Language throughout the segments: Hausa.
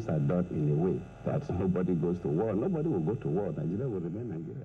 things are done in a way that nobody goes to war, nobody will go to war. Nigeria will remain Nigeria.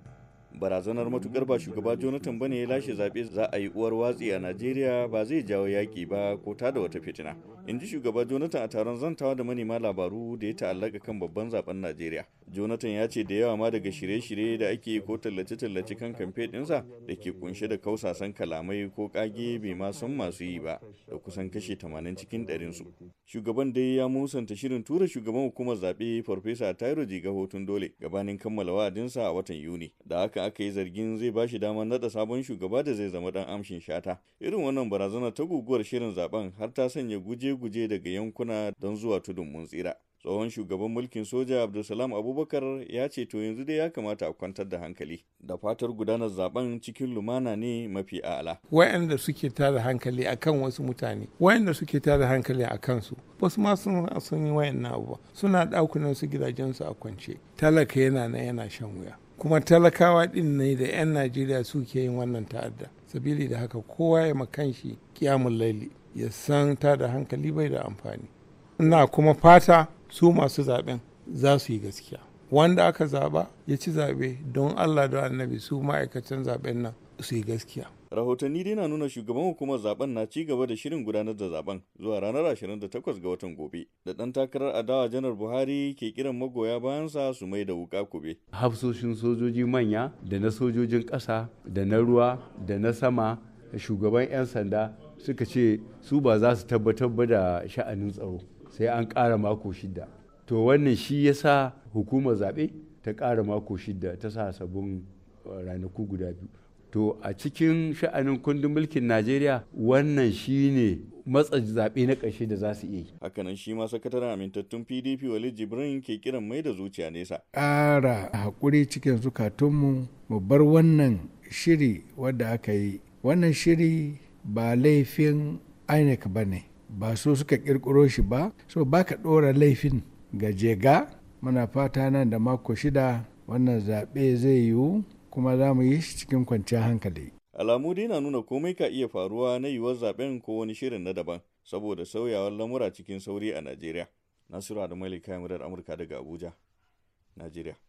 barazanar matukar ba shugaba jonathan bane ya lashe zaɓe za a yi uwar watsi a najeriya ba zai jawo yaƙi ba ko ta da wata fitina in ji shugaba jonathan a taron zantawa da manema labaru da ya ta'allaka kan babban zaben najeriya jonathan ya ce da yawa ma daga shirye-shirye da ake ko tallace-tallace kan kamfe ɗinsa da ke kunshe da kausasan kalamai ko kage bai ma san masu yi ba da kusan kashe tamanin cikin ɗarin su shugaban dai ya musanta shirin tura shugaban hukumar zaɓe farfesa tairo jiga hotun dole gabanin kammala wa'adinsa a watan yuni da haka aka yi zargin zai ba shi damar nada sabon shugaba da zai zama dan amshin shata. Irin wannan barazana ta guguwar shirin zaben har ta sanya guje-guje daga yankuna don zuwa tudun mun tsira. tsohon shugaban mulkin soja abdulsalam abubakar ya ce to yanzu dai ya kamata a kwantar da hankali da fatar gudanar zaben cikin lumana ne mafi ala wayanda suke tada hankali akan wasu mutane wayanda suke tada hankali a kansu wasu ma sun yi wayannan abubuwa suna ɗakunan su gidajensu a kwance talaka yana nan yana shan wuya kuma talakawa ɗin ne da 'yan najeriya suke yin wannan ta'adda sabili da haka kowa ya makanshi kiyamun laili ya san ta da hankali bai da amfani ina kuma fata su masu zaben za su yi gaskiya wanda aka zaba ya ci zaɓe don allah da annabi su ma'aikatan zaben nan su yi gaskiya rahotanni dai na nuna shugaban hukumar zaben na ci gaba da shirin gudanar da zaben zuwa ranar 28 ga watan gobe da ɗan takarar adawa janar buhari ke kiran magoya bayansa su mai da wuka kube hafsoshin sojoji manya da na sojojin ƙasa da na ruwa da na sama shugaban 'yan sanda suka ce su ba za su tabbatar ba da sha'anin tsaro sai an ƙara mako shida to wannan shi ya sa hukumar zaɓe ta ƙara mako shida ta sa sabon ranaku guda biyu to a cikin sha'anin kundin mulkin najeriya wannan shine matsa zaɓe na ƙarshe da za su iya yi. Hakanan shi ma sakataren amintattun PDP Walid Jibrin ke kiran mai da zuciya nesa. Ƙara haƙuri cikin zukatunmu mu bar wannan shiri wadda aka yi. Wannan shiri ba laifin INEC ba ne, ba so suka ƙirƙiro shi ba, so ba ka ɗora laifin ga jega. Muna fata nan da mako shida wannan zaɓe zai yiwu kuma za mu yi shi cikin kwanciyar hankali. Alamu dai na nuna komai ka iya faruwa na yiwuwar zaben ko wani shirin na daban saboda sauyawar lamura cikin sauri a Najeriya. Nasiru Adamu Malika Amurka daga Abuja, Najeriya.